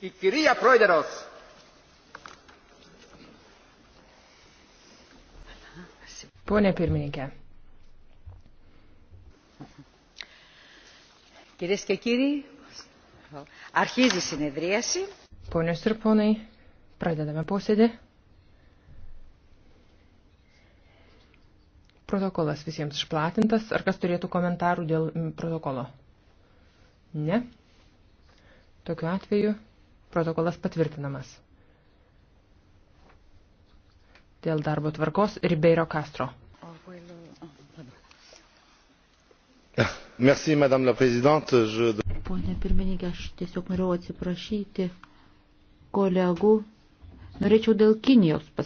Η κυρία Πρόεδρος. Pone pirmininkė. Κυρίες και κύριοι, αρχίζει η συνεδρίαση. Ponios ir ponai, pradedame posėdį. Protokolas visiems išplatintas. Ar kas turėtų komentarų dėl protokolo? Ne. Tokiu atveju Protokolas patvirtinamas. Dėl darbo tvarkos Ribeiro Castro. Merci, madame la présidente. Je... Pone pirmininkė, aš tiesiog norėjau atsiprašyti kolegų. Norėčiau dėl Kinijos pasakyti.